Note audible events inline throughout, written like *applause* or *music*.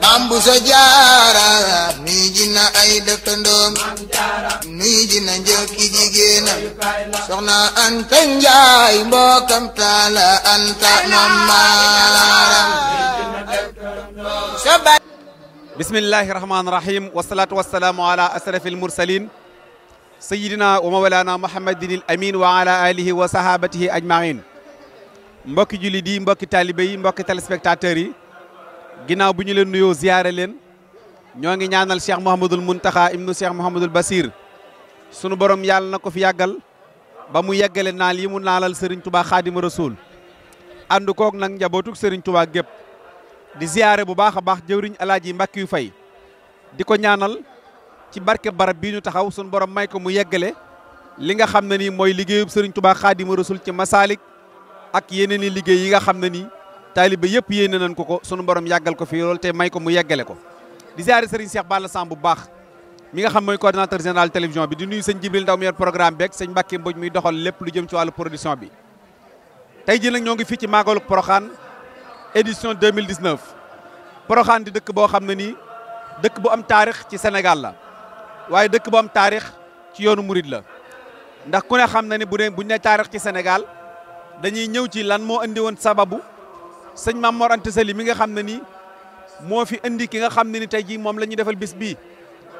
maam bu sa jaara nuy ji na ay dëkkandoom nuy ji na njëkki jigéenam soxna Anta Njaay mbokkam taala Anta maam maaram bismillahi rahmaani rahim wasalaatu wasalaamu ala asrafil mursalin sayidina wa mawlana muhammadin al amin wa ala alihi wa sahabatihi ajmain mbokki julli di mbokki taalibé yi mbokki téléspectateurs yi ginnaaw bu ñu leen nuyoo ziyaare leen ñoo ngi ñaanal cheikh Mouhamadul Muntaxa ibnu seex Mouhamadul Basir sunu borom yàlla na ko fi yàggal ba mu yeggale naal yi mu naalal Serigne Touba Xaadima Rasul ànd koog nag njabootug Serigne Touba gépp di ziyaare bu baax a baax jëwriñ alaaji Mbàkkiyu Fay di ko ñaanal ci barke barab bii ñu taxaw sunu borom may ko mu yeggale li nga xam ne nii mooy liggéeyub Serigne Touba Xaadima Rasul ci masaalik ak yeneen i liggéey yi nga xam ne nii. taaliba yëpp yéene nañ ko ko sunu borom yàggal ko fii lool te may ko mu yeggale ko di ziare Serigne Cheikh Balla Samb bu baax mi nga xam mooy coordinateur général télévision bi di nuyu sëñ Jibril Ndaw mi yor programme beeg sëñ Mbacke Mbodj muy doxal lépp lu jëm ci wàllu production bi tey jii nag ñoo ngi fii ci Magalou Porokhane édition 2019 Porokhane di dëkk boo xam ne nii dëkk bu am taarix ci Sénégal la waaye dëkk boo am taarix ci yoonu murit la ndax ku ne xam na ne bu dee buñ ne taarix ci Sénégal dañuy ñëw ci lan moo indi sababu sëñ Maam Mor Anta Sali mi nga xam ne ni moo fi indi ki nga xam ne ni tey jii moom la ñu defal bis bii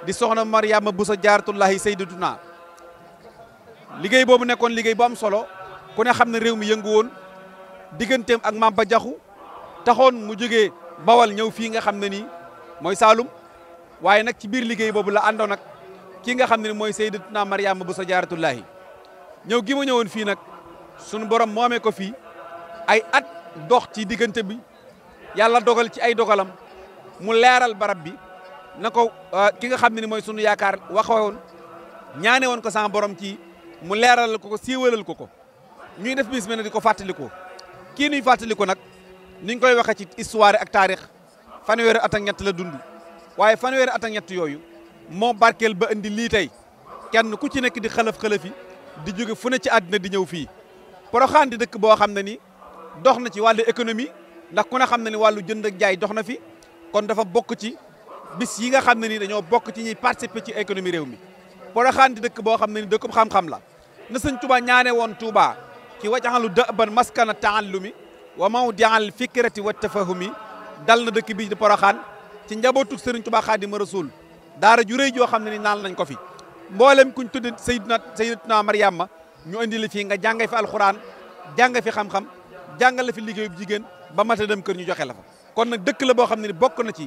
di soxna Mariama Bousso Jaaratullahi Sayyidatuna liggéey boobu nekkoon liggéey bu am solo ku ne xam ne réew mi yëngu woon digganteem ak Mamba Jaxu taxoon mu jóge bawal ñëw fii nga xam ne ni mooy Saalum waaye nag ci biir liggéey boobu la àndoon nag ki nga xam ne ni mooy Sayyidatuna Mariama Bousso Jaaratullahi ñëw gi ma ñëwoon fii nag sunu borom moomee dox ci diggante bi yàlla dogal ci ay dogalam mu leeral barab bi na ko euh, ki nga xam ne ni mooy sunu yaakaar waxoon ñaane woon ko sama borom ci mu leeralal ko ko siiwalal ko ko ñuy def bis mel na di ko ko kii nuy ko nag niñ koy waxee ci histoire ak taarix fanweeri at ak ñett la dund waaye fanweeri at ak ñett yooyu moo barkeel ba indi lii tey kenn ku ci nekk di xalaf xalafi di jóge fu ne ci àddina di ñëw fii Poroxaan di dëkk boo xam ne ni dox na ci wàllu économie ndax ku ne xam na ni wàllu jënd ak jaay dox na fi kon dafa bokk ci bis yi nga xam ne ni dañoo bokk ci ñi participer ci économie réew mi Porokhane di dëkk boo xam ne ni dëkkub xam-xam la na sëñ Tuubaa ñaane woon Tuubaa ci wajaxalu dëban maskana taallumi wa mawdial fikrati wa tafahumi dal na dëkk bii di xaan ci njabootu sëriñ Tuubaa Xaadimu Rasuul daara ju rëy joo xam ne ni naan nañ ko fi mboolem kuñ tudd Seydina Seydatuna Mariama ñu indi li fii nga jànge fi alxuraan jànge fi xam jàngal fi liggéeyu jigéen ba mata dem kër ñu joxe la fa kon nag dëkk la boo xam ne ni bokk na ci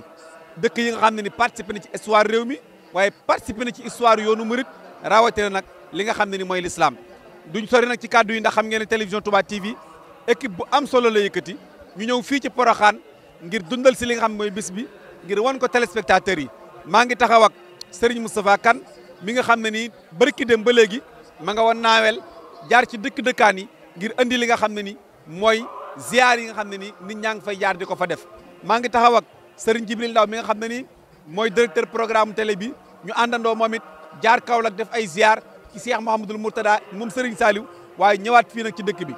dëkk yi nga xam ne ni participé na ci histoire réew mi waaye participé na ci histoire yoonu murit rawatina nag li nga xam ne ni mooy l'islam duñ sori nag ci kàddu yi ndax xam ngeen ne télévision Touba TV équipe bu am solo la yëkkati ñu ñëw fii ci Porokhane ngir dundal si li nga xam mooy bis bi ngir wan ko téléspectateurs yi maa ngi taxaw ak Serigne Moustapha Kane mi nga xam ne nii barki dem ba léegi ma nga woon naawel jaar ci dëkk dëkkaan yi ngir andi li nga xam ne ni mooy ziar yi nga xam ne ni nit ñaa ngi fay jaar di ko fa def maa ngi taxaw ak Serigne Jibril Ndaw mi nga xam ne ni mooy directeur programme tele bi ñu àndandoo moom it jaar Kaolack def ay ziar ci Cheikh Mouhamadul Mourtada moom Serigne saaliw waaye ñëwaat fii nag ci dëkk bi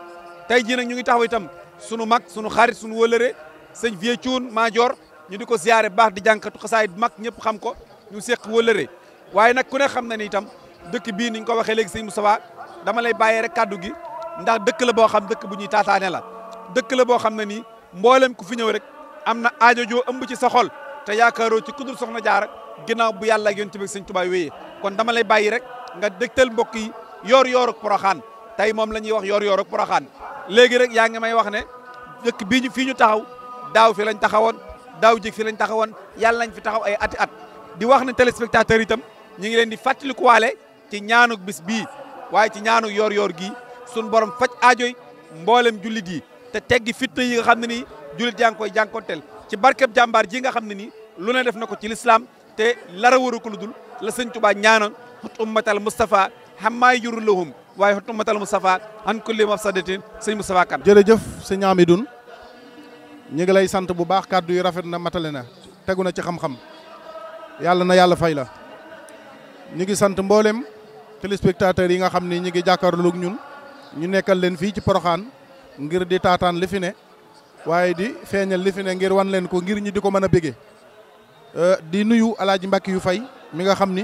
tey jii nag ñu ngi taxaw itam sunu mag sunu xarit sunu wëlëre sëñ Vieux Thioune Madior ñu di ko ziare baax di jànkatu xasaay mag ñëpp xam ko ñu seq wëlëre waaye nag ku ne xam na ni itam dëkk bii ni ko waxee léegi sëñ Moustapha dama lay bàyyee rek kaddu gi ndax dëkk la boo xam dëkk bu ñuy taataane la dëkk la boo xam ne nii mboolem ku fi ñëw rek am na aajo joo ëmb ci sa xol te yaakaaroo ci kudul soxna jaara ginnaaw bu yàlla ak ci bi sëñ Tuubaa wéyee kon dama lay bàyyi rek nga dëgtal mbokk yi yoor yooruk poroxaan tey moom la ñuy wax yoor yooruk poroxaan léegi rek yaa ngi may wax ne dëkk bii ñu fii ñu taxaw daaw fi lañ taxawoon daaw jég fi lañ taxawoon yàlla nañ fi taxaw ay ati at di wax ne téléspectateur itam ñu ngi leen di fàttalikuwaale ci ñaanuk bis bii waaye ci ñaanuk yoor yoor gii suñu borom faj aajoy mboolem jullit yi te teggi fitna yi nga xam ne nii jullit yaa ngi koy jànkonteel ci barkeb jàmbaar ji nga xam ne nii lu ne def na ko ci lislaam te lara waru ko lu dul la sëñ Tuubaa ñaanoon xut ummatal Moustapha xammaay jurul lahum waaye xut ummatal Moustapha an kulli mafsadatin sëñ Moustapha Kan jërëjëf sëñ Amidoun ñu ngi lay sant bu baax kàddu yi rafet na matale na tegu na ci xam-xam yàlla na yàlla fay la ñu ngi sant mboolem téléspectateurs yi nga xam ni ñu ngi jàkkaarloog ñun ñu nekkal leen fii ci Porokhane ngir di taataan li fi ne waaye di feeñal li ngir wan leen ko ngir ñi di ko mën a bége euh, di nuyu alaaj Mbàkke yu fay mi nga xam ni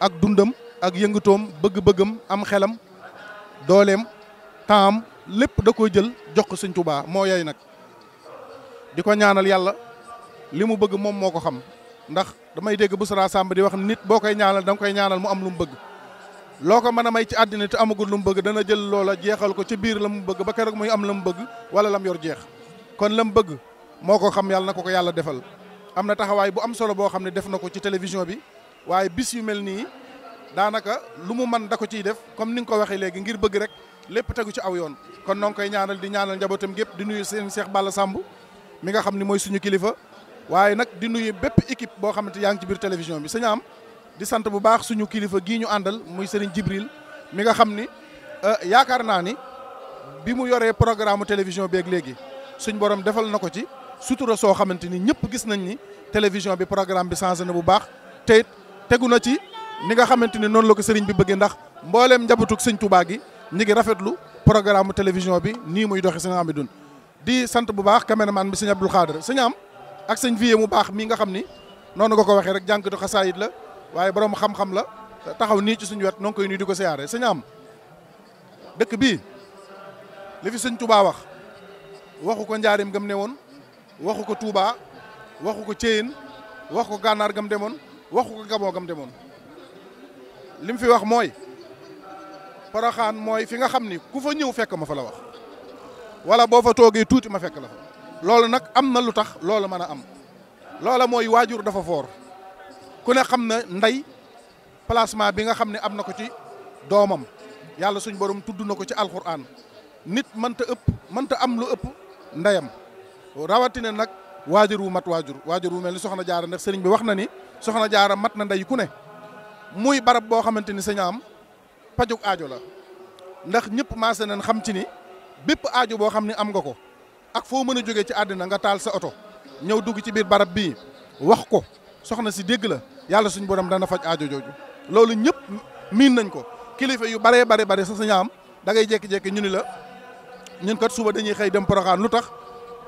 ak dundam ak yëngatoom bëgg-bëggam am xelam dooleem taam lépp da koy jël jox ko Sëñ Tuubaa moo yooyu nag di ko ñaanal yàlla li mu bëgg moom moo ko xam ndax damay dégg bu sara sàmb di wax nit boo koy ñaanal danga koy ñaanal mu am lu mu bëgg loo ko mën a may ci àddina te amagul lu mu bëgg dana jël loola jeexal ko ci biir la mu bëgg ba keroog muy am la mu bëgg wala lam yor jeex kon la mu bëgg moo ko xam yàlla na ko ko yàlla defal am na taxawaay bu am solo boo xam ne def na ko ci télévision bi waaye bis yu mel nii daanaka lu mu mën da ko ciy def comme ni nga ko waxee léegi ngir bëgg rek lépp tegu ci aw yoon kon noo ngi koy ñaanal di ñaanal njabootam gépp di nuyu seen Cheikh Balla sàmb mi nga xam ne mooy suñu kilifa waaye nag di nuyu bépp équipe boo xamante yaa ngi ci biir télévision bi sëñ am di sant bu baax suñu kilifa gii ñu àndal muy Serigne Jibril mi nga xam ni euh, yaakaar naa ni bi mu yoree programme télévision beeg léegi suñ borom defal na ko ci sutura soo xamante ni ñëpp gis nañ ni télévision bi programme bi changé na bu baax te it na ci ni nga xamante ni noonu la ko sëriñ bi bëggee ndax mbooleem njabootug sëñ Touba gi ñu ngi rafetlu programme télévision bi nii muy doxee bi Amidoune di sant bu baax caméraman bi sëñ Abdou Khadre sëñ am ak sëñ vie mu baax mii nga xam ni noonu nga ko waxee rek jànkatu xasaayit la waaye borom xam-xam la taxaw nii ci suñu wet noo ngi koy nuyu di ko siyaare sëñ am dëkk bii li fi sëñ Touba wax waxu ko njaarim gam ne woon waxu ko tuubaa waxu ko Thièyeen waxu ko gànnaar gam demoon waxu ko Gabon gam demoon lim fi wax mooy Porokhane mooy fi nga xam ni ku fa ñëw fekk ma fa la wax walla boo fa toogee tuuti ma fekk la fa loolu nag am na lu tax loolu mën a am loola mooy waajur dafa foor ku ne xam na ndey placement bi nga xam ne am na ko ci doomam yàlla suñ borom tudd na ko ci alxuraan nit mënta ëpp mënta am lu ëpp ndeyam rawatina nag waajur wu mat waajur waajur wu mel ni soxna jaara ndax sëriñ bi wax na ni soxna jaara mat na ndey ku ne muy barab boo xamante ni sañu am pajug aajo la ndax ñëpp maase nañ xam ci ni bépp aajo boo xam ne am nga ko ak foo mën a jóge ci àddina nga taal sa oto ñëw dugg ci biir barab bii wax ko soxna si dégg la yàlla suñu borom dana faj aajo jooju loolu ñëpp miin nañ ko kilifa yu baree bare bare sa ñaam da ngay jékki-jékki ñu ni la ñun kat suba dañuy xëy dem Poroxaan lu tax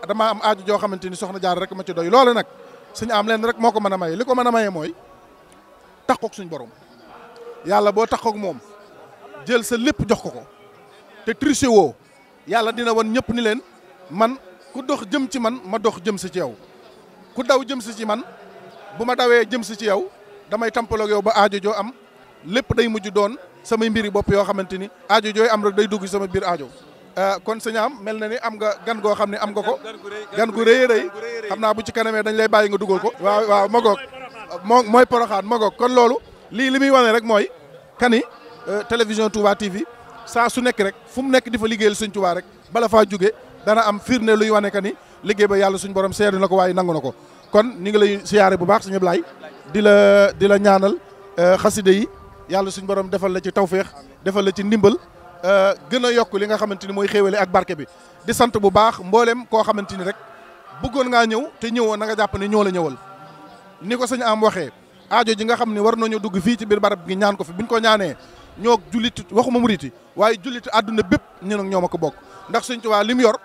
dama am aajo joo xamante ni soxna jaar rek ma ci doy loolu nag suñu am leen rek moo ko mën a may li ko mën a maye mooy takkoog suñ borom yàlla boo takkoog moom jël sa lépp jox ko ko te triché woo yàlla dina wan ñëpp ni leen man ku dox jëm ci man ma dox jëm si ci yow ku daw jëm si ci man. bu ma dawee jëm si ci yow damay tampaloog yow ba aajo joo am lép day mujj doon sama mbiri bopp yoo xamante ni aajo jooy am rek day dugg sama biir aajo euh, kon sëñ am mel na ni am nga gan goo xam ne am nga ko gan gu rëy rëy xam naa bu ci kanamee dañ lay bàyyi nga dugal ko waaw waaw magoog moo mooy poroxaan magoog kon loolu lii li muy wane rek mooy kani euh, télévision Touba TV sa su nekk rek fu mu nekk di fa liggéeyal sëñ Touba rek bala faa jóge dana am firnde luy wane kani liggéey ba yàlla suñ borom seedu na ko waaye nangu na ko kon ni ngi lay siyaare bu baax suñu Ablaay di la di la ñaanal euh, xaside yi yàlla suñ borom defal la ci tawféex defal la ci ndimbal euh, gën a yokk li nga xamante ni mooy xéewale ak barke bi di sant bu baax mbooleem koo xamante ni rek buggoon ngaa ñëw te ñëwoon na nga jàpp ne ñoo la ñëwal ni ko sëñ am waxee aajo ji nga xam ne war nañoo dugg fii ci biir barab gi ñaan ko fi buñ ko ñaanee ñoo jullit waxuma muriti waaye jullit àdduna bépp ñu nag ñoom a ko bokk ndax Sëñ Tuubaa li mu yor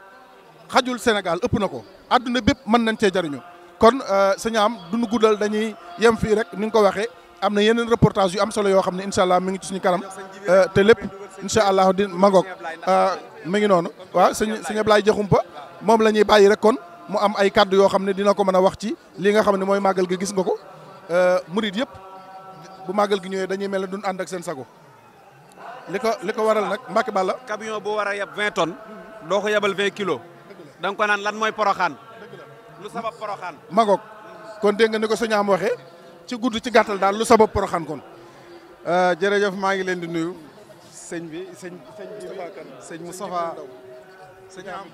xajul Sénégal ëpp na ko àdduna bépp mën nañ cee jariñu kon euh, sëñ am duñu guddal dañuy yem fii rek ni nga ko waxee am na yeneen reportage yu am solo yoo xam ne incha allah mi ngi ci suñu kanam euh, te lépp incha allah di mangoog euh, mi ngi noonu waaw sëñ sëñ Ablaye Diakhoumpa moom la ñuy bàyyi rek kon mu am ay kàddu yoo xam ne dina ko mën a wax ci li nga xam ne mooy màggal gi gis nga ko murid yëpp bu màggal gi ñëwee dañuy mel na duñ ànd ak seen sago li ko li ko waral nag Mbacke Balla. camion boo war a yab 20 tonnes doo ko yabal 20 kilos. da ko naan lan mooy poroxaan. lu sabab poroxaan magoog kon dégg nga ni ko sëñ am waxee ci gudd ci gàttal daal lu sabab poroxaan kon euh, jërëjëf maa ngi leen di nuyu sëñ bi sëñ sëñ bi sëñ Moustapha sëñ am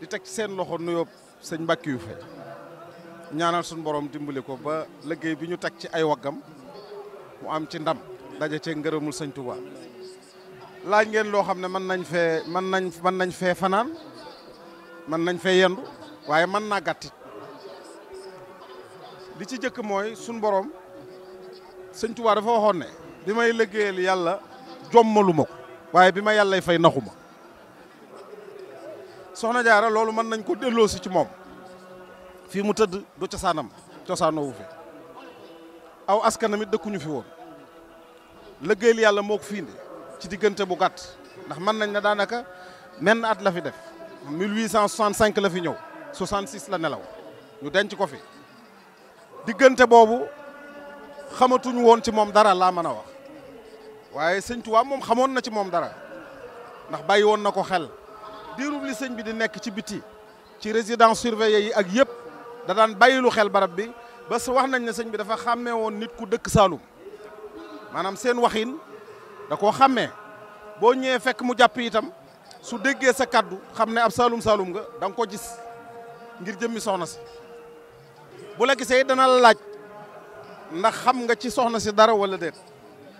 di teg seen loxo nuyoo sëñ Mbàkke yu fay ñaanal suñ borom dimbali ko ba liggéey bi ñu teg ci ay waggam mu am ci ndam daje cee ngërëmul sëñ Touba laaj ngeen loo xam ne mën nañ fee mën nañ mën nañ fee fanaan mën nañ fee yendu waaye man naa gàttit li ci jëkk mooy suñ borom sëñ Tuubaa dafa waxoon ne bi may liggéeyal yàlla jommalu ma ko waaye bi ma yàllay fay naxu ma soxna jaara loolu mën nañ ko delloo si ci moom fii mu tëdd du cosaanam cosaanoowu fi aw askanam it dëkkuñu fi woon liggéeyal yàlla moo ko fi ci diggante bu gàtt ndax mën nañ ne daanaka menn at la fi def 1865 la fi ñëw 66 la nelaw ñu denc ko fi diggante boobu xamatuñu woon ci moom dara laa mën a wax waaye sëñ Tuubaa moom xamoon na ci moom dara ndax bàyyi woon na ko xel diirub li sëñ bi di nekk ci biti ci résidence survey yi ak yëpp da daan bàyyilu xel barab bi ba sa wax nañ ne sëñ bi dafa xàmmee woon nit ku dëkk Saalum maanaam seen waxin da koo xàmmee boo ñëwee fekk mu jàpp yitam su déggee sa kaddu xam ne ab Saalum Saalum nga da nga ko gis ngir jëmmi soxna si bu la gisee dana laaj ndax xam nga ci soxna si dara wala déet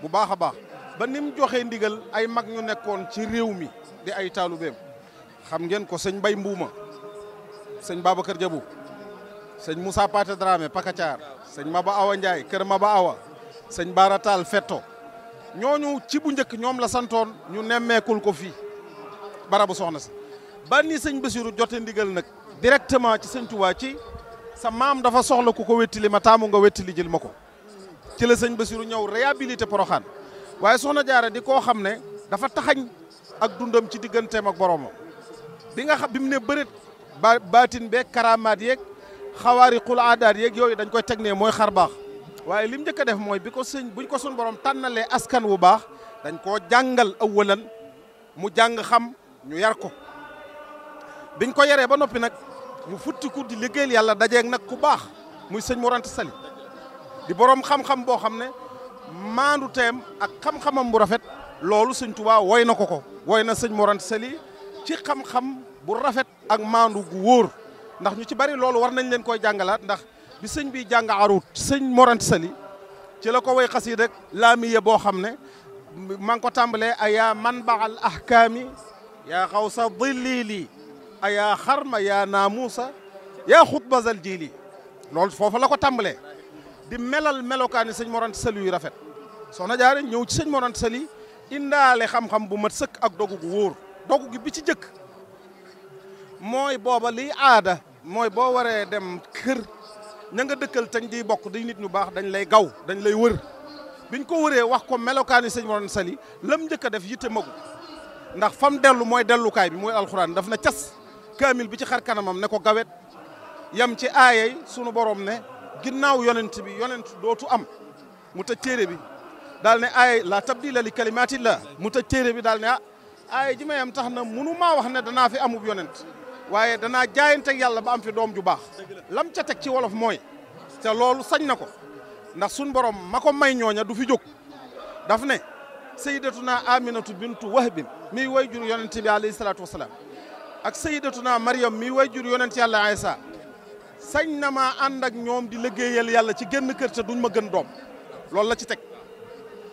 bu baax a baax ba ni mu joxee ndigal ay mag ñu nekkoon ci réew mi di ay taalubeem xam ngeen ko sëñ bay Mbuuma sëñ Babacar Diabou sëñ Moussa Paté Dramé Pakacaar sëñ Maba Awa njaay kër ma Maba Awa sëñ Baara Taal Fetto ñooñu ci bu njëkk ñoom la santoon ñu nemmeekul ko fii barabu soxna si ba ni sëñ Bassirou jote ndigal nag directement ci sëñ Tuubaa ci sa maam dafa soxla ku ko wettili ma taamu nga wettili jël ma ko ci la sëñ Basiru ñëw réhabilité Poroxaan waaye soxna jaara di koo xam ne dafa taxañ ak dundam ci digganteem ak boromam bi nga xam bi mu ne bëreet ba baatin bee karaamaat yeeg xawaari xul aadaat yeeg yooyu dañ koy teg ne mooy xar baax waaye lim njëkk a def mooy bi ko sëñ buñ ko sun borom tànnalee askan wu baax dañ koo jàngal awalan mu jàng xam ñu yar ko biñ ko yaree ba noppi nag futti futtiku di liggéeyal yàlla dajeeg nag ku baax muy sëñ Mor Anta Sali di borom xam-xam boo xam ne maandu teem ak xam-xamam bu rafet loolu sëñ Tuubaa woy na ko ko woy na sëñ Mor Anta Sali ci xam-xam bu rafet ak maandu gu wóor ndax ñu ci bari loolu war nañ leen koy jàngalaat ndax bi sëñ bi jàng arut sëñ Mor Anta Sali ci la ko woy xasiid rek laamiye boo xam ne maa ngi ko tàmbalee a yaa man baal ahkaami yaa xaw sa dilili a yaa xarma yaa naamuusa yaa xutba zal jiili loolu foofu la ko tàmbalee di melal melokaani sëñ Mor Anta Sali yu rafet soxna jaare ñëw ci sëñ Mor Anta Sali indaale xam-xam bu mat sëkk ak dogu gu wóor dogu gi bi ci jëkk mooy booba liy aada mooy boo waree dem kër ña nga dëkkal tañ di bokk di nit ñu baax dañ lay gaw dañ lay wër biñ ko wëree wax ko melokaani sëñ Mor Anta Sali lam njëkk a def yitte magu ndax fam dellu mooy dellukaay bi mooy alxuraan daf na cas kaamil bi ci xar kanamam ne ko gawet yam ci aayay sunu borom ne ginnaaw yonent bi yonent dootu am mu tëj téere bi daal ne aayay la tabdila li kalimatillah mu tëj téere bi daal ne a ah, aayay ji may am tax na munu maa wax ne danaa fi amub yonent waaye danaa jaayanteeg yàlla ba am fi doom ju baax lam ca teg ci wolof mooy te loolu sañ na ko ndax sunu borom ma ko may ñooña du fi jóg daf ne tu sayyidatuna aminatu bintu wahbin miy way jur yonent bi alayhi salaatu wasalaam ak sayidatuna Maryam mi wayjur yonent yàlla Aysa sañ na maa ànd ak ñoom di liggéeyal yàlla ci génn kër te duñ ma gën doom loolu la ci teg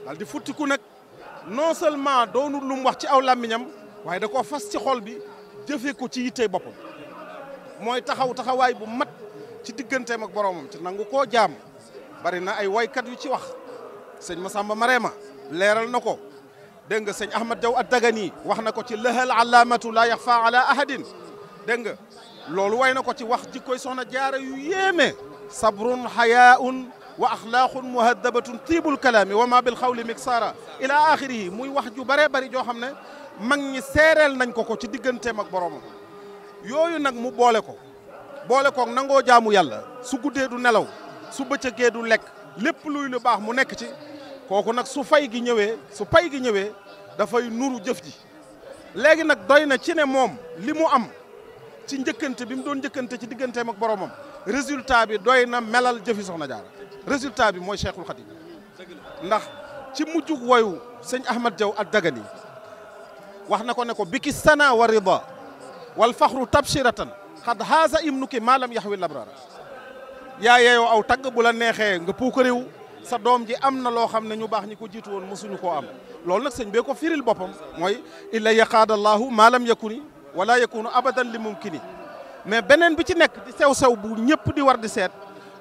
daal di futtiku nag non seulement doonul lu mu wax ci aw làmmiñam waaye da koo fas ci xol bi jëfee ko ci yittey boppam mooy taxaw taxawaay bu mat ci digganteem ak boroomam ci nangu koo jaam bari na ay waykat yu ci wax sëñ Masamba Marema leeral na ko dégg nga sëñ Ahmad Diaw ad-Dagani wax na ko ci lahal alaamatu la yaxfa ala ahadin dégg nga loolu way na ko ci wax jikkoy soxna jaara yu yéeme sabrun hayaun wa axlaaqun muhaddabatun tiibul kalaami wa ma bil xawli saara ila axirihi muy wax ju bëree bëri joo xam ne mag ñi seereel nañ ko ko ci digganteem ak boroomam yooyu nag mu boole ko boole koog nangoo jaamu yàlla su guddee du nelaw su bëccëgee du lekk lépp luy lu baax mu nekk ci kooku nag su gi ñëwee dafay nuru jëf ji léegi nag doy na ci ne moom li mu am ci njëkkante bi mu doon njëkkante ci digganteem ak boromam résultat bi doy na melal jëfi soxna jaara résultat bi mooy Cheikhul Khadim ndax ci mujjug woyu sëñ Ahmad Jaw ak Dagani wax na ko ne ko biki sana wa rida wal faxru tabshiratan xad haasa ibnuki maalam yaxwi labrara yaa yeeyoo aw tagg bu la neexee nga puukaréwu sa doom ji am na loo xam ne ñu baax ñi ko jiitu woon mosuñu koo am loolu nag sëñ bee ko firil boppam mooy illa yaqaadallahu ma lam yakuni wala yakunu abadan li ni mais beneen bi ci nekk di sew-sew bu ñëpp di war di seet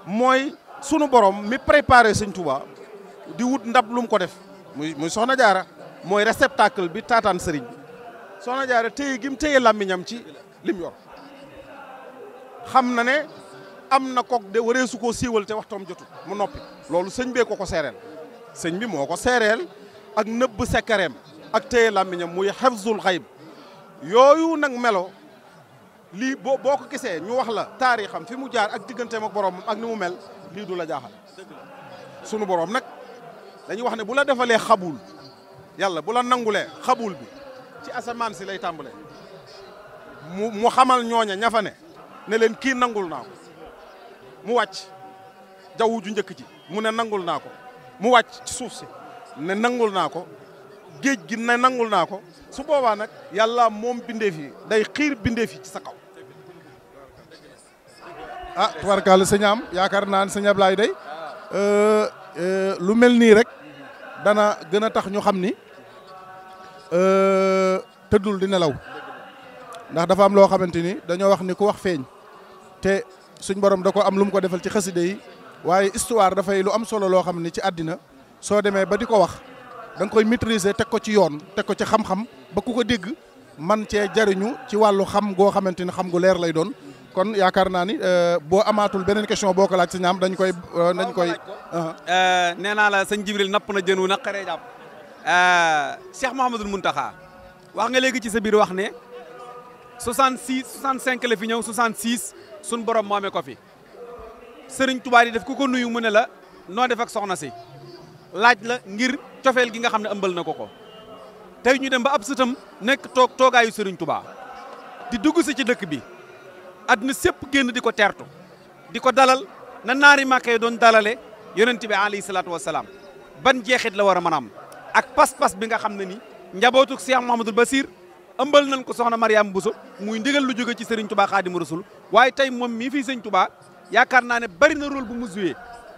mooy sunu borom mi préparé sëñ Tuubaa di wut ndab lum ko def muy muy soxna jaara mooy réceptacle bi taataan sëriñ bi soxna jaara téye gim téye làmmiñam ci lim yor xam na ne am na kook de wareesu koo siiwal te waxtoom jotu mu noppi loolu sëñ bee ko ko seereel sëñ bi moo ko seereel ak nëbb sekkareem ak téye làmmiñam muy xefzul xayb yooyu nag melo lii boo boo ko gisee ñu wax la taarixam fi mu jaar ak digganteem ak boroom ak ni mu mel lii du la jaaxal sunu boroom nag dañuy wax ne bu la defalee xabul yàlla bu la nangulee xabul bi ci asamaan si lay tàmbalee mu xamal ñooña ñafane ne leen kii nangul naa mu wàcc jaww ju njëkk ji mu ne nangul naa ko mu wàcc ci suuf si ne nangul naa ko géej gi ne nangul naa ko su boobaa nag yàlla moom bindeef yi day xiir bindeef yi ci sa kaw. ah tubarkalla sëñ am yaakaar naa ne sëñ Ablaye day euh, euh, lu mel nii rek dana gën a tax ñu xam ni euh, tëddul di nelaw ndax dafa am loo xamante ni dañoo wax ni ku wax feeñ te suñ borom da ko am lu mu ko defal ci xaside yi. waaye histoire dafay lu am solo loo xam ni ci àddina soo demee ba di ko wax da koy maîtriser teg ko ci yoon teg ko ci xam-xam ba ku ko dégg man cee jariñu ci wàllu xam goo xamante ni xam gu leer lay doon kon yaakaar naa ni euh, boo amaatul beneen question boo ko laaj si ñaam dañ koy euh, dañ koy uh-huh. euh, nee naa la sëñ Jibril napp na jën wu naqaree jàpp Cheikh mun taxaa wax nga léegi ci sa biir wax ne 66 65 la fi ñëw 66 sun borom moome ko fi sëriñ Tuubaa di def ku ko nuyu mu ne la noo def ak soxna si laaj la ngir cofeel gi nga xam ne ëmbal na ko ko tey ñu dem ba ab sëtam nekk toog toogaayu sëriñ Tuubaa di dugg si ci dëkk bi àdduna sépp génn di ko teertu di ko dalal na naari màkkee doon dalale yonent bi alayhi salaatu wasalaam ban jeexit la war a mën am ak pas-pas bi nga xam ne ni njabootuk Cheikh Mouhamadul Basir ëmbal nañ ko soxna Mariam Bousso muy ndigal lu jóge ci Serigne Touba Xaadimu Rasul waaye tey moom yaakaar naa ne bari na rôle bu mu joué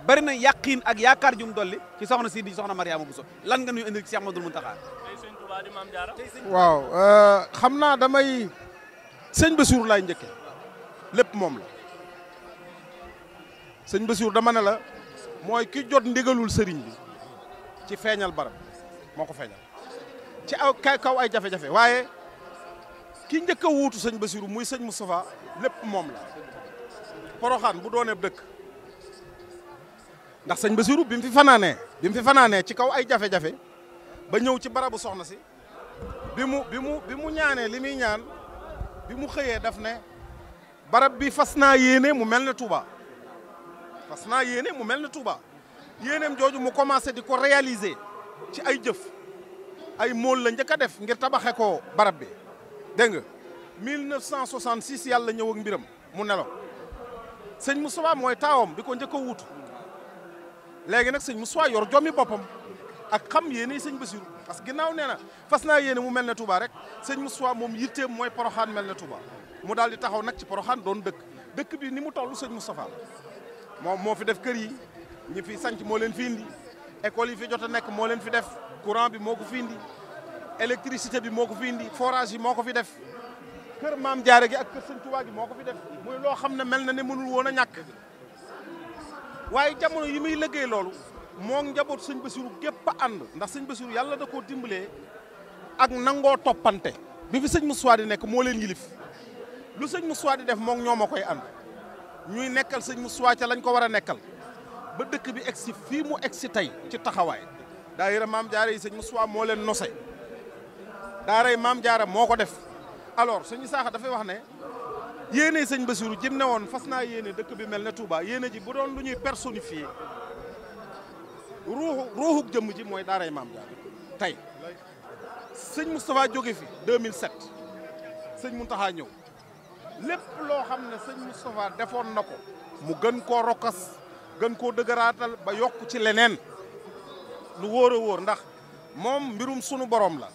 bari na yàqiin ak yaakaar jum dolli ci soxna si di soxna Mariama Bousso lan nga nuy indi ci Cheikh Ahmadoul Mountakha waaw euh, xam naa damay sëñ Bassirou laay njëkke lépp moom la sëñ Bassirou dama ne la mooy ki jot ndégalul sëriñ bi ci feeñal barab moo ko feeñal ci aw kaw ay jafe-jafe waaye ki njëkk a wuutu sëñ Bassirou muy sëñ Moustapha lépp moom la poroxaan bu doonee dëkk ndax sëñ Basiru bi mu fi fanaanee bi mu fi fanaanee ci kaw ay jafejafe jafe ba ñëw ci barabu soxna si bi mu bi mu bi mu ñaanee li muy ñaan bi mu xëyee daf ne barab bi fas naa yéene mu mel ne Touba fas naa yéene mu mel ne Touba yéeneem jooju mu commencé di ko réaliser ci ay jëf ay mool la njëkk a def ngir tabaxe ko barab bi dégg nga 1966 yàlla ñëw ak mbiram mu nelaw sëñ Moustapha mooy taawam bi ko njëkk a wuutu léegi nag sëñ Moustapha yor jommi boppam ak xam yéene sëñ Bassirou parce que ginnaaw nee na fas naa yéene mu mel ne Touba rek sëñ Moustapha moom yitteem mooy Poroxaan mel ne Touba mu daal di taxaw nag ci Poroxaan doon dëkk dëkk bi ni mu toll sëñ Moustapha moom moo fi def kër yi ñi fi sanc moo leen fi indi école yi fi jot a nekk moo leen fi def courant bi moo ko fi indi électricité bi moo ko fi indi forage yi moo ko fi def kër maam jaare gi ak kër sëñ Tuubaa moo ko fi def muy loo xam ne mel na ne mënul woon a ñàkk waaye jamono yi muy liggéey loolu moo njaboot sëñ ba Basiru gépp a ànd ndax sëñ ba Basiru yàlla da koo dimbalee ak nangoo toppante bi fi sëñ Moussa di nekk moo leen yilif lu sëñ Moussa di def moom ñoo ma koy ànd ñuy nekkal sëñ Moussa ca lañ ko war a nekkal ba dëkk bi egsi fii mu si tey ci taxawaay daa daayira maam jaare yi sëñ Moussa moo leen nose daaray maam jaara moo ko def alors suñu saaxa dafay wax ne yéene sëñ Bassirou jëm ne woon fas naa yéene dëkk bi mel ne Touba yéene ji bu doon lu ñuy personnifié ruuxu ruuxu jëmm ji mooy daaray maam Jaara tey sëñ Moustapha jóge fi 2007 sëñ Mountakha ñëw lépp loo xam ne sëñ Moustapha defoon na ko mu gën koo rokkas gën koo dëgëraatal ba yokk ci leneen lu wóor a ndax moom mbirum sunu borom la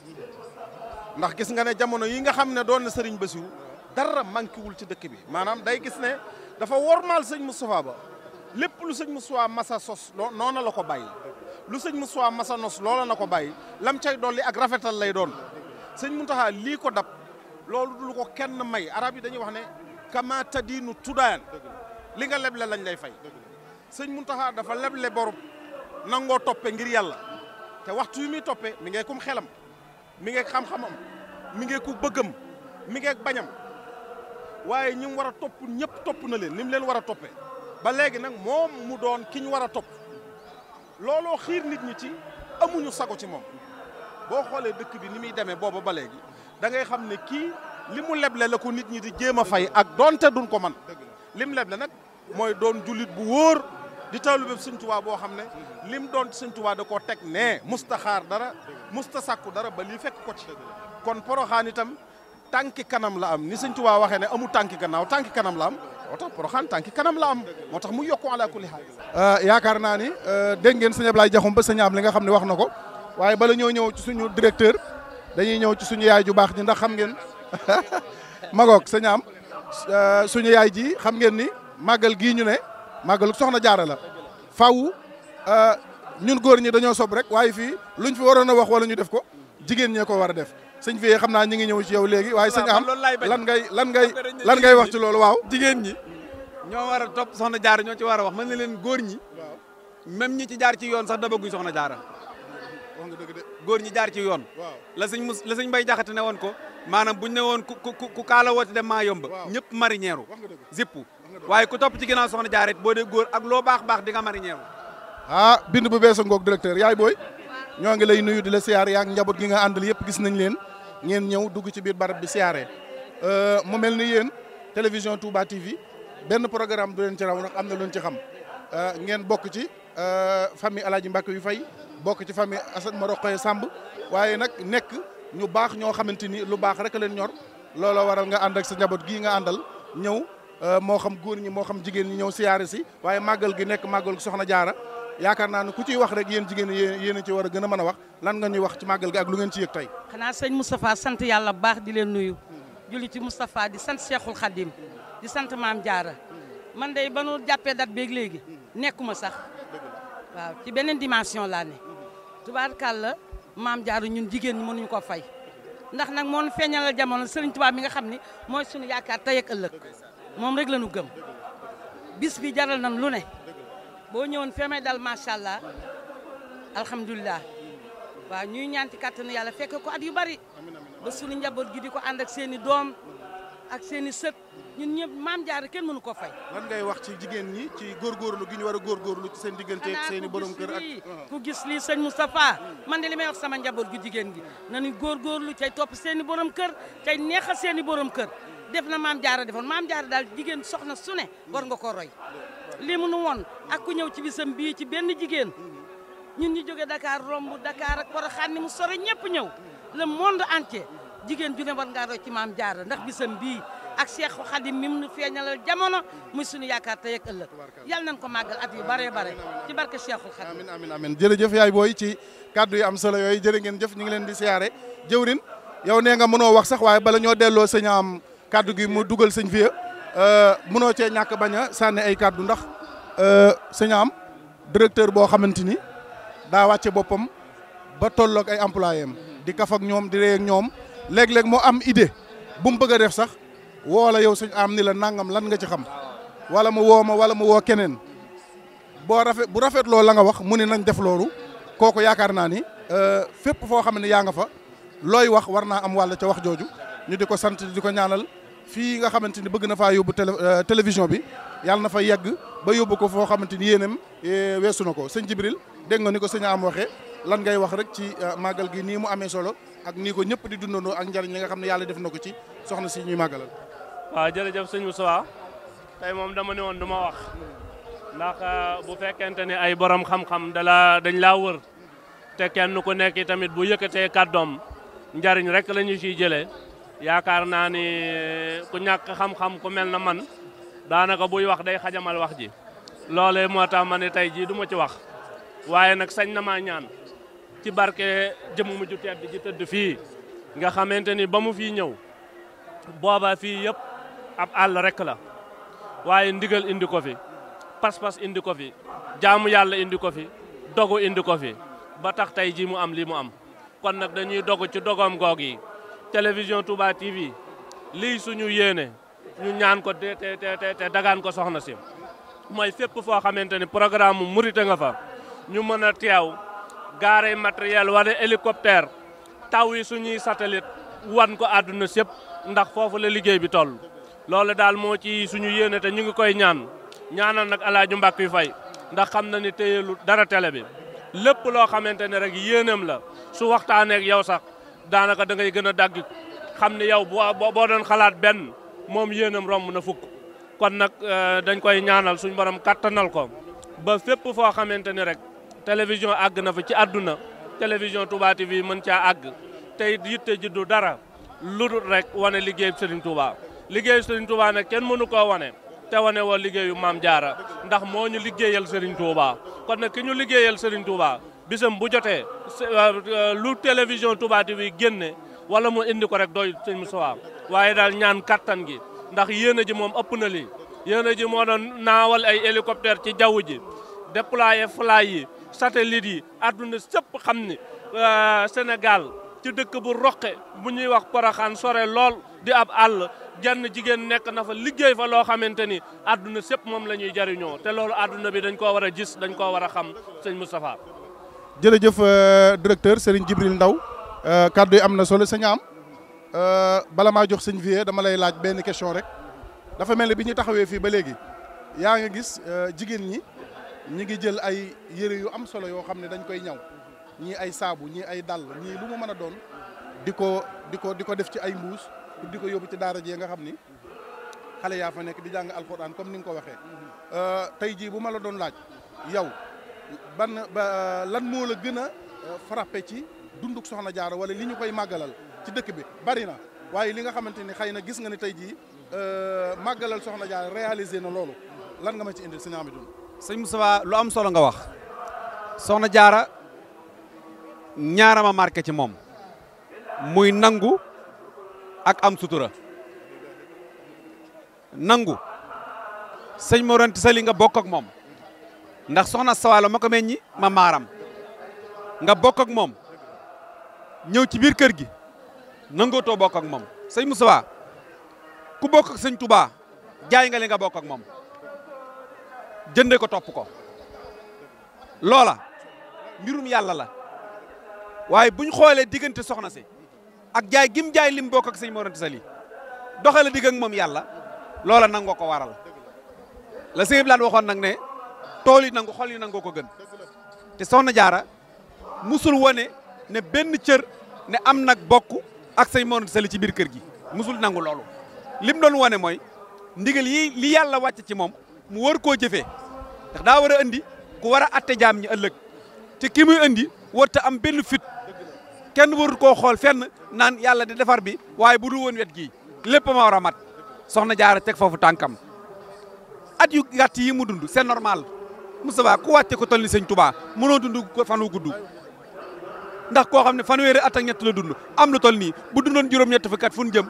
ndax gis nga ne jamono yii nga xam ne doon na Serigne Bassirou dara manqué wul ci dëkk bi maanaam day gis ne dafa wormaal sëñ Moustapha ba lépp lu sëñ Moustapha masa sos loo noona la ko bay lu sëñ Moustapha masa nos loola na ko bay lam cay dolli ak rafetal lay doon sëñ Mountakha lii ko dab loolu du lu ko kenn may arab yi dañuy wax ne di tadiinu tudaan li nga leble lañ lay fay sëñ Mountakha dafa leble borom nangoo toppe ngir yàlla te waxtu wi muy toppe mi ngay kum xelam mi ngeeg xam-xamam mi ngeeg ku bëggam mi ngeeg bañam waaye ñi mu war a topp ñëpp topp na leen ni mu leen war a toppee ba léegi nag moom mu doon ki ñu war a topp looloo xiir nit ñi ci amuñu sago ci moom boo xoolee dëkk bi ni muy demee booba ba léegi da xam ne kii li mu leble nit ñi di jéem a fay ak donte duñ ko man lim leble nag mooy doon jullit bu wóor di taalibe Sëñ Tuubaa boo xam ne lim doon Sëñ Tuubaa da koo teg nee mustaxaar dara musta sàkku dara ba lii fekk ko ci kon Poroxaan itam tànki kanam la am ni Sëñ Tuubaa waxee ne amul tànki gannaaw tànki kanam la am moo tax Poroxaan tànki kanam la am moo tax mu yokk ala kulli euh, yaakaar naa ni euh, dégg ngeen sëñ Ablaye Jaxum ba sëñ am li nga xam ne wax na ko waaye bala ñoo ñëw ci suñu directeur dañuy ñëw ci suñu yaay ju baax ji ndax xam ngeen *laughs* magoog sëñ am euh, suñu yaay ji xam ngeen ni màggal gii ñu ne màggalu soxna jaara la faw euh, ñun góor ñi dañoo sob rek waaye fii ñu fi waroon a wax wala ñu def ko jigéen ñee ko war a def sëñ fii xam naa ñi ngi ñëw ci yow léegi waaye sëñ am lan ngay lan ngay lan ngay wax ci loolu waaw jigéen ñi ñoo war a topp soxna jaara ñoo ci war a wax mën na leen góor ñi même ñi ci jaar ci yoon sax dabaguñ soxna jaara wax nga dëgg de góor ñi jaar ci yoon la sëñ mus la sëñ bay jaxate ne woon ko maanaam buñ ne woon ku ku ku kaala woote dem maa yomb ñëpp marinière u zipp waaye ku topp ci ginnaaw soxna jaaret boo dee góor ak loo baax baax di nga mari ñeew ah bind bu beesa ngoog directeur yaay booy ñoo ngi lay nuyu di la siyaare yaak njaboot gi nga àndal yëpp gis nañ leen ngeen ñëw dugg ci biir barab bi siyaare euh, mu mel ni yéen télévision Touba TV benn programme du leen ci raw nag am na lu ñu ci xam euh, ngeen bokk ci euh, famille Alaaji Mbàkke yu fay bokk ci famille Assane Morokoy Samb waaye nag nekk ñu baax ñoo xamante ni lu baax rek leen ñor looloo waral nga ànd ak sa njaboot gii nga àndal ñëw Euh, moo xam góor ñi moo xam jigéen ñi ñëw siyaare si waaye màggal gi nekk màggal gi soxna jaara yaakaar naa ne ku ciy wax rek yéen jigéen yéen yéen a ci war a gën a mën a wax lan nga ñuy wax ci màggal gi ak lu ngeen ci yëg tey xanaa sëñ Moustapha sant yàlla bu baax di leen nuyu julli ci Moustapha di sant Cheikhul Khadim di sant maam jaara man day ba nu jàppee dat beeg léegi nekkuma sax waaw ci beneen dimension laa ne tubaarkàlla maam jaar ñun jigéen ñi mënuñu ko fay ndax nag moon feeñalal jamono sëriñ Tuubaa mi nga xam ne mooy suñu yaakaar tey ak moom rek la gëm bis bi jaral nan lu ne boo ñëwoon fee may dal macha allah alhamdulilah waaw ñuy ñaan ci yàlla fekk ko at yu bari ba suñu njaboot gi di ko ànd ak seen doom ak seeni i sët ñun ñëpp maam jaar kenn mënu ko fay. lan ngay wax ci jigéen ñi ci góor góorgóorlu gi ñu war a góorgóorlu ci seen diggante ak seen i borom kër ak uh-huh. ku gis lii sëñ Moustapha man de li may wax sama njaboot gu jigéen gi nañu góorgóorlu cay topp seeni i borom kër cay neexal seeni i borom kër. def na maam jaara defoon maam jaara daal jigéen soxna su ne war nga ko roy li mu nu woon ak ku ñëw ci bisam bii ci benn jigéen ñun ñu jóge Dakar romb Dakar ak Porokhane ni mu sore ñëpp ñëw le monde entier jigéen ju ne war ngaa roy ci maam jaara ndax bisam bii ak Cheikh Khadim mi mu feeñalal jamono muy sunu yaakaar tey ak ëllëg yal nañ ko màggal at yu bare bare ci barke Cheikhul Khadim amin amin amin jërëjëf yaay booy ci kaddu yu am solo yooyu jërë ngeen jëf ñu ngi leen di siyaare jëwrin yow nee nga mënoo wax sax waaye bala ñoo delloo sëñ am kaddu gi mu dugal sëñ Vieux euh, mënoo cee ñàkk bañ a sànni ay kaddu ndax euh, sëñ am directeur boo xamante ni daa wàcce boppam ba tolloog ay employé di kaf ak ñoom di rey ak ñoom léeg-léeg moo am idée bu mu bëgg a def sax woo la yow sëñ am ni la nangam lan nga ci xam wala mu woo ma wala mu woo keneen boo rafet bu rafet loo la nga wax mu ne nañ def loolu kooku yaakaar naa ni euh, fépp foo xam ne yaa nga fa looy wax war naa am wàll ca wax jooju ñu di ko sant di ko ñaanal. fii nga xamante ni bëgg na faa yóbbu télé euh, télévision bi yàlla na fa yegg ba yóbbu ko foo xamante ni yéenam eh, weesu na ko sëñ Jibril dégg nga ni ko sëñ am waxee lan ngay wax rek ci euh, màggal gi nii mu amee solo ak nii ko ñëpp di dundandoo ak njariñ li nga xam ne yàlla def na ko ci soxna si ñuy màggalal. waaw jërëjëf sëñ Moussa tey moom dama ne woon du ma wax ndax euh, bu fekkente ne ay borom xam-xam dala dañ laa wër te kenn ko nekk tamit bu yëkkatee kàddoom njariñ rek la ñu jëlee. yaakaar naa ni eh, ku ñàkk xam-xam ku mel na man daanaka buy wax day xajamal wax ji loole moo tax ma ne tey jii du ma ci wax waaye nag sañ na maa ñaan ci barke jëmu mu ju tedd ji tëdd fii nga xamante ni ba mu fii ñëw booba fii yëpp ab àll rek la waaye ndigal indi ko fi pas-pas indi ko fi jaamu yàlla indi ko fi dogu indi ko fi ba tax tey jii mu am lii mu am kon nag dañuy dogu ci dogoom goog yi télévision Touba TV lii suñu yéene ñu ñaan ko te te te te dagaan ko soxna si mooy fépp foo xamante ni programme mu murite nga fa ñu mën a teew gaare matériel wala hélicoptère taw yi suñuy satelit wan ko àdduna sépp ndax foofu la liggéey bi toll loolu daal moo ciy suñu yéene te ñu ngi koy ñaan ñaanal nag alaaju mbàkk yu fay ndax xam na ni téyeelu dara télé bi lépp loo xamante ne rek yéenam la su waxtaanee ak sax daanaka da ngay gën a dàgg xam ne yow boo boo doon xalaat benn moom yéenam romb na fukk kon nag euh, dañ koy ñaanal suñ borom kattanal ko ba fépp foo xamante ni rek télévision àgg na fa ci àdduna télévision Touba TV mën caa àgg te it yitte ji dara lu dul rek wane liggéey Serigne liggéey liggéeyu Serigne Touba nag kenn mënu koo wane te wane woo liggéeyu Maam Jaara ndax moo ñu liggéeyal Serigne Touba kon nag ki ñu liggéeyal Serigne Touba bisam bu jotee euh, euh, lu télévision Touba TV génne wala moo indi ko rek doy sëñ Moustapha waaye daal ñaan kattan gi ndax yéen a ji moom ëpp na lii yéen a ji moo doon naawal ay hélicoptère ci jaww ji déployer fly yi satellite yi àdduna sëpp xam ni euh, senegal ci dëkk bu roqe bu ñuy wax Porokhane sore lool di ab àll jann jigéen nekk na fa liggéey fa loo xamante ni àdduna sëpp moom la ñuy jariñoo te loolu àdduna bi dañ koo war a gis dañ koo war a xam sëñ Moustapha jërëjëf euh, directeur Serigne Djibril Ndaw euh, kàddu yi am na solo sëñ am euh, bala maa jox sëñ vie dama lay laaj benn question rek dafa mel ni bi ñu taxawee fii ba léegi yaa ngi gis jigéen ñi ñi ngi jël ay yére yu am solo yoo xam ne dañ koy ñaw ñii ay saabu ñii ay dàll ñii lu mu mën a doon di ko di ko di ko def ci ay mbuus di ko yóbbu ci daara jee nga xam ni xale yaa fa nekk di jàng alxuraan comme ni nga ko waxee tey jii bu ma la doon laaj yow ban lan moo la gën a euh, frappé ci dunduk soxna jaara wala li ñu koy màggalal ci dëkk bi bari na waaye li nga xamante ni xëy na gis nga ne tey jii euh, màggalal soxna jaara réalisé na loolu lan nga ma ci indil sëñ Amidou sëñ Moustapha lu am solo nga wax soxna jaara ñaarama marqué ci moom muy nangu ak am sutura nangu sëñ Morante Sali nga bokk ak moom ndax soxna sawaalo ma ko meññi ma maaram nga bokk ak moom ñëw ci biir kër gi nangootoo bokk ak moom sëñ Moussa ku bokk ak sëñ jaay nga li nga bokk ak moom jënde ko topp ko loola mbirum yàlla la waaye buñ xoolee diggante soxna si ak jaay gim jaay lim bokk ak sëñ Mor Anta Sali doxale digg moom yàlla loola nangoo ko waral la sëñ bi laan waxoon ne tool yi nangu xol yi nangu ko gën te soxna jaara musul wone ne benn cër ne am nag bokk ak say moon sali ci biir kër gi musul nangu loolu lim doon wone mooy ndigal yi li yàlla wàcc ci moom mu war koo jëfee daa war a andi ku war a atte jaam ñi ëllëg te ki muy andi warta am benn fit kenn warul koo xool fenn naan yàlla di defar bi waaye bu dul woon wet gii lépp ma war a mat soxna jaara teg foofu tànkam at yu gàtt yi mu dund seen normal mu Moustapha ku wàcce ko toll ni sëñ Touba mënoo dund fan wu du ndax koo xam ne fanweeri at ak ñett la dund am lu toll nii bu dundoon juróom-ñett fi kat fu jëm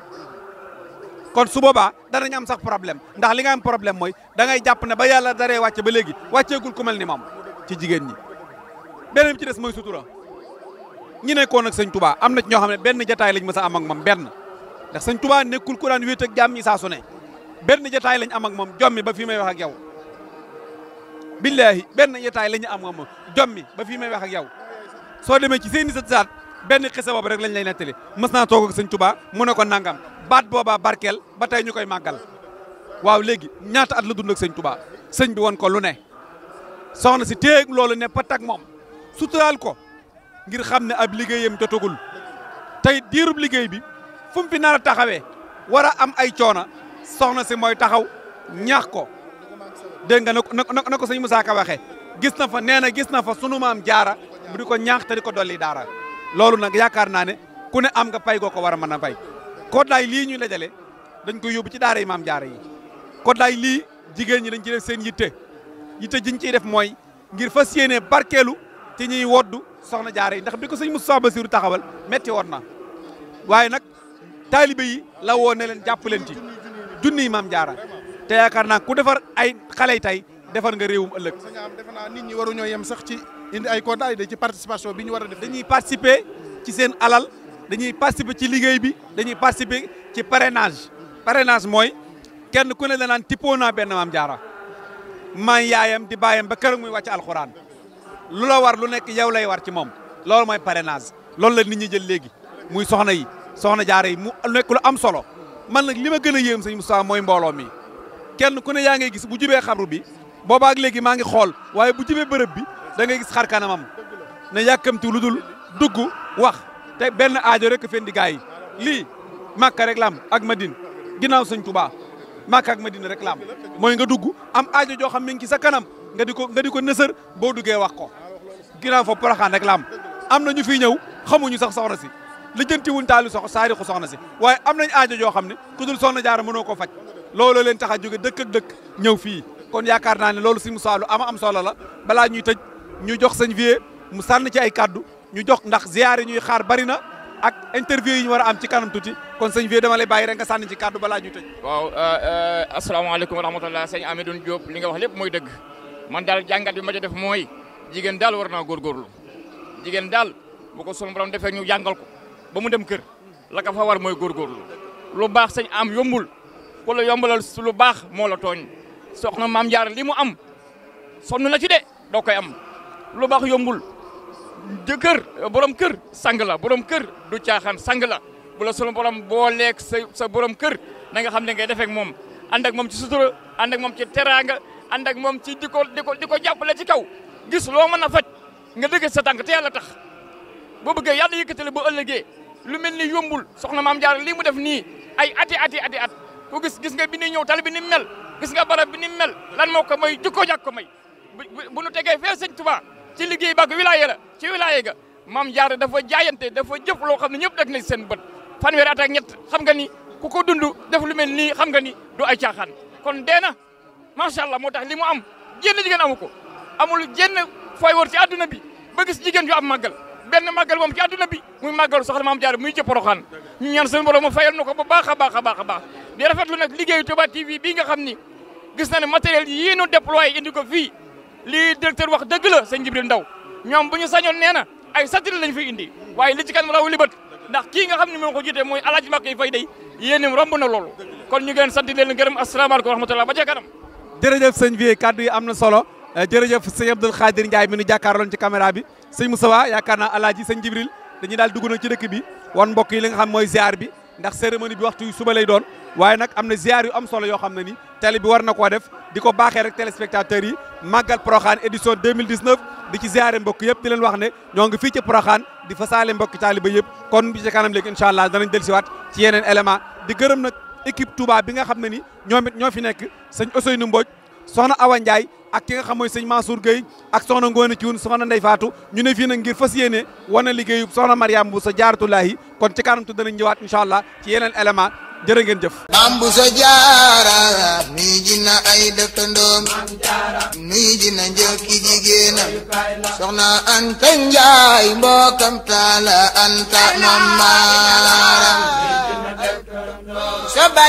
kon su boobaa danañ am sax problème ndax li nga am problème mooy da ngay jàpp ne ba yàlla daree wàcce ba léegi wàcceegul ku mel ni moom ci jigéen ñi. beneen bi ci des mooy sutura ñi nekkoon ak sëñ Touba am na ci ñoo xam ne benn jataay lañ mës a am ak moom benn ndax sëñ Touba nekkul ku daan wéet ak jàmm ñi saa su ne benn jataay lañ am ak moom jommi ba fi may wax ak yow. billaahi benn yetaay la ñu am am jommi ba fii may wax ak yow soo demee ci seeni sët saat benn xisa boobu rek lañ lay nettali mës naa toog ak sëñ mu ne ko nangam baat boobaa barkeel ba tey ñu koy màggal waaw léegi ñaata at la dund ak sëñ Tuubaa sëñ bi won ko lu ne soxna si téeg loolu ne pat ak moom suturaal ko ngir xam ne ab liggéeyam jotagul tey diirub liggéey bi fu mu fi nar a taxawee war a am ay coona soxna si mooy taxaw ñaax ko dégg nga na ko na ko sëñ Moussa Ka waxee gis na fa nee na gis na fa sunu maam jaara bu di ko ñaax te di ko dolli daara loolu nag yaakaar naa ne ku ne am nga pay goo ko war a mën a fay koddaay lii ñuy dajale dañ koy yóbbu ci daara yi maam jaara yi koddaay lii jigéen ñi dañ ciy def seen yitte yitte jiñ ciy def mooy ngir fa yéene barkeelu ci ñuy woddu soxna jaara yi ndax bi ko sëñ Moussa Bassirou taxawal metti woon na waaye nag taalibe yi la ne leen jàpp leen ci junniy maam jaara te yaakaar naa ku defar ay xale yi tey defar nga réewum ëllëg. defe naa nit ñi waruñoo yem sax ci indi ay quotas de ci participation bi ñu war a def. dañuy participer ci seen alal dañuy participer ci liggéey bi dañuy participer ci parrainage parrainage mooy kenn ku ne la naan tippoo naa benn maam jaara maa yaayam di bàyyam ba kër muy wàcc alxuraan lu la war lu nekk yow lay war ci moom loolu mooy parrainage loolu la nit ñi jël léegi muy soxna yi soxna jaara yi mu nekk lu am solo man nag li ma gën a yéem sëñ Moussa mooy mbooloo mi. kenn ku ne yaa ngay gis bu jubee xabru bi boobaak léegi maa ngi xool waaye bu jubee bërëb bi da ngay gis xar kanamam ne yàkkamti lu dul dugg wax te benn aajo rek fendi gaa lii Makka rek la am ak Madina ginnaaw sëñ Tuubaa Makka ak Madina rek la am mooy nga dugg am aajo joo xam ne ngi ci sa kanam nga di ko nga di ko nësër boo duggee wax ko ginnaaw fa Poroxaan rek la am am na ñu fiy ñëw xamuñu sax soxna si lijjanti wuñ taalu sox saari xu soxna si waaye am na aajo joo xam ne ku dul soxna jaara mënoo ko faj looloo leen tax a jóge dëkk dëkk ñëw fii kon yaakaar naa ne loolu si mu lu ama am solo la balaa ñuy tëj ñu jox sëñ Vieux mu sànn ci ay kàddu ñu jox ndax ziyaar ñuy xaar bari na ak interview yi ñu war a am ci kanam tuuti kon sëñ Vieux dama lay bàyyi rek nga sànni ci kàddu balaa ñuy tëj. waaw euh, euh, asalaamaaleykum wa rahmatulah sëñ Amidoune Diop li nga wax lépp mooy dëgg man daal jàngat bi ma ci def mooy jigéen daal war naa góorgóorlu jigéen daal bu ko sunu borom defee ñu jàngal ko ba mu dem kër la ka fa war mooy góorgóorlu lu baax sëñ am yombul ku la yombalal su lu baax moo la tooñ soxna maam jaar lii mu am sonn na ci de doo koy am lu baax yombul jëkkër borom kër sang la kër du caaxaan sang la bu la sunu borom boo leeg sa sa borom kër na xam ne ngay defee ak moom ànd ak moom ci sutura ànd moom ci teraanga ànd ak moom ci di ko di ko di ko jàppale ci kaw gis loo mën a faj nga dëgg sa tànk te yàlla tax boo bëggee yàlla yëkkatale bu ëllëgee lu mel ni yombul soxna maam jaar lii mu def nii ay ati ati ati at ku gis gis nga bi ni ñëw tali bi ni mel gis nga barab bi ni mel lan moo ko moy jikko jàkk ko may bu nu tegee fee sëñ Tuubaa ci liggéey ba ak wilaya la ci wilaya ga maam Jaara dafa jaayante dafa jëf loo xam ne ñëpp teg nañ seen bët fanweeri at ak ñett xam nga ni ku ko dund def lu mel nii xam nga ni du ay caaxaan kon dee na macha allah moo tax li mu am jenn jigéen amu ko amul jenn fooy wër ci àdduna bi ba gis jigéen yu am màggal benn màggal moom ci àdduna bi muy màggalu soxna maam Jaara muy ci Poroxaan ñu ñaan suñu na ko bu baa a baa a baax a baax di rafetlu nag liggéeyu Touba TV bii nga xam ni gis na ne matériel yi ñu indi ko fii lii directeur wax dëgg la sëñ Jibril Ndaw ñoom bu ñu sañoon nee na ay satellite lañ fiy indi waaye li ci kanam raw li ndax kii nga xam ne moo ko jiite mooy alaaji Mbàkke Fay day yéenim romb na loolu kon ñu ngi leen sant di leen gërëm asalaamaaleykum wa rahmatullah ba ca kanam jërëjëf sëñ bi kàddu yi am na solo Eh, jërëjëf sëñ Abdoul Khadir Ndiaye mi nu jàkkaarloon ci caméra bi sëñ Moussawa yaakaar naa alaaji sëñ Jibril dañuy daal dugg na ci dëkk bi wan mbokk yi li nga xam mooy ziar bi ndax cérémonie bi waxtu yu suba lay doon waaye nag am na ziar yu am solo yoo xam ne ni télé bi war na koo def di ko baaxee rek téléspectateurs yi màggal Porokhane édition 2019 di ci ziare mbokk yëpp di leen wax ne ñoo ngi fii ci Porokhane di fasaale mbokk taaliba yëpp kon bi ci kanam léegi incha allah danañ dellusiwaat ci yeneen élément di gërëm nag équipe Touba bi nga xam ne ni ñoom it ñoo fi nekk sëñ Ousseynou Mbodj soxna Awa Ndiaye ak ki nga xam mooy sëñ Mansour Gueye ak soxna Ngoone Cuun soxna Ndey Faatu ñu ne fii nag ngir fas yéene wane liggéeyu soxna Mariam bu sa jaaratulaahi kon ci kanam tu danañ ñëwaat incha allah ci yeneen élément jërë jëf maam bu sa jaara nuy na ay dëkkandoom nuy ji na njëkki jigéenam soxna Anta Njaay mbookam taala Anta mamaram